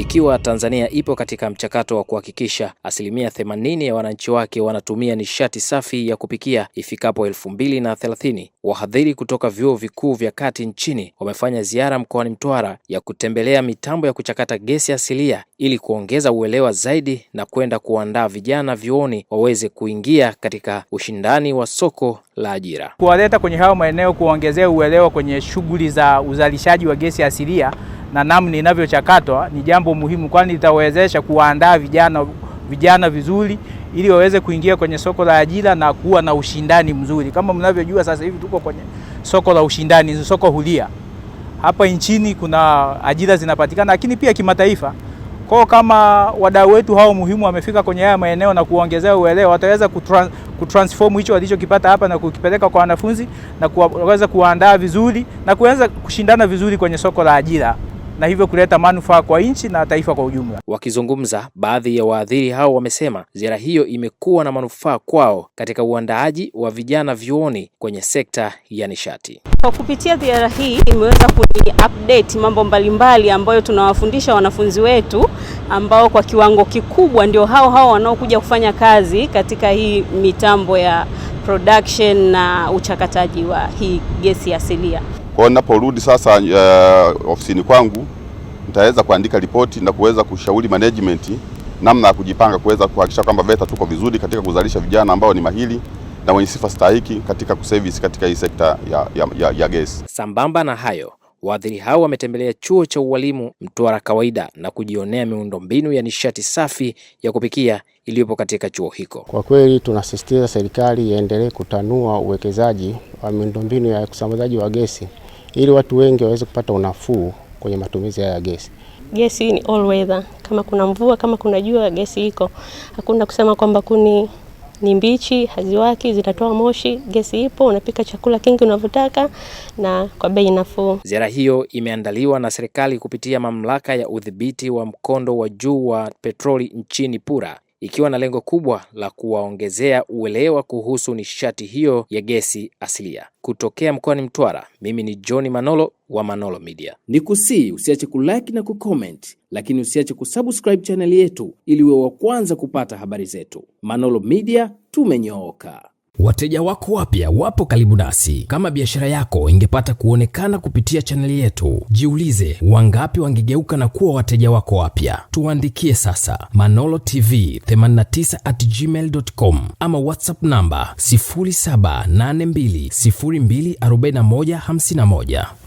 Ikiwa Tanzania ipo katika mchakato wa kuhakikisha asilimia 80 ya wananchi wake wanatumia nishati safi ya kupikia ifikapo elfu Wahadhiri kutoka vyuo vikuu vya kati nchini wamefanya ziara mkoani Mtwara ya kutembelea mitambo ya kuchakata gesi asilia ili kuongeza uelewa zaidi na kwenda kuandaa vijana vyuoni waweze kuingia katika ushindani wa soko la ajira. Kuwaleta kwenye hayo maeneo, kuongezea uelewa kwenye shughuli za uzalishaji wa gesi asilia na namna inavyochakatwa ni jambo muhimu, kwani litawezesha kuwaandaa vijana vijana vizuri ili waweze kuingia kwenye soko la ajira na kuwa na ushindani mzuri. Kama mnavyojua sasa hivi tuko kwenye soko la ushindani, soko huria hapa nchini, kuna ajira zinapatikana, lakini pia kimataifa. Kwa kama wadau wetu hao muhimu wamefika kwenye haya maeneo na kuongezea uelewa, wataweza kutran, kutransform hicho walichokipata hapa na kukipeleka kwa wanafunzi na kuweza kuwaandaa vizuri na kuweza kushindana vizuri kwenye soko la ajira na hivyo kuleta manufaa kwa nchi na taifa kwa ujumla. Wakizungumza, baadhi ya waadhiri hao wamesema ziara hiyo imekuwa na manufaa kwao katika uandaaji wa vijana vyuoni kwenye sekta ya nishati. Kwa kupitia ziara hii imeweza kuni update mambo mbalimbali ambayo tunawafundisha wanafunzi wetu ambao kwa kiwango kikubwa ndio hao hao wanaokuja kufanya kazi katika hii mitambo ya production na uchakataji wa hii gesi asilia. Kwa hiyo ninaporudi sasa uh, ofisini kwangu nitaweza kuandika ripoti na kuweza kushauri management namna ya kujipanga kuweza kuhakikisha kwamba VETA tuko vizuri katika kuzalisha vijana ambao ni mahiri na wenye sifa stahiki katika kuservice katika hii sekta ya, ya, ya, ya gesi. Sambamba na hayo, waadhiri hao wametembelea chuo cha ualimu Mtwara Kawaida na kujionea miundombinu ya nishati safi ya kupikia iliyopo katika chuo hiko. Kwa kweli tunasisitiza serikali iendelee kutanua uwekezaji wa miundombinu ya usambazaji wa gesi ili watu wengi waweze kupata unafuu kwenye matumizi haya ya gesi. Gesi ni all weather, kama kuna mvua, kama kuna jua, gesi iko. Hakuna kusema kwamba kuni ni mbichi, haziwaki, zinatoa moshi. Gesi ipo, unapika chakula kingi unavyotaka na kwa bei nafuu. Ziara hiyo imeandaliwa na serikali kupitia mamlaka ya udhibiti wa mkondo wa juu wa petroli nchini PURA ikiwa na lengo kubwa la kuwaongezea uelewa kuhusu nishati hiyo ya gesi asilia. Kutokea mkoani Mtwara, mimi ni John Manolo wa Manolo Media. Ni kusii usiache kulike na kucomment, lakini usiache kusubscribe chaneli yetu ili uwe wa kwanza kupata habari zetu. Manolo Media, tumenyooka. Wateja wako wapya wapo karibu nasi. Kama biashara yako ingepata kuonekana kupitia chaneli yetu, jiulize wangapi wangegeuka na kuwa wateja wako wapya? Tuandikie sasa Manolo TV 89 at gmail.com ama WhatsApp namba 0782024151.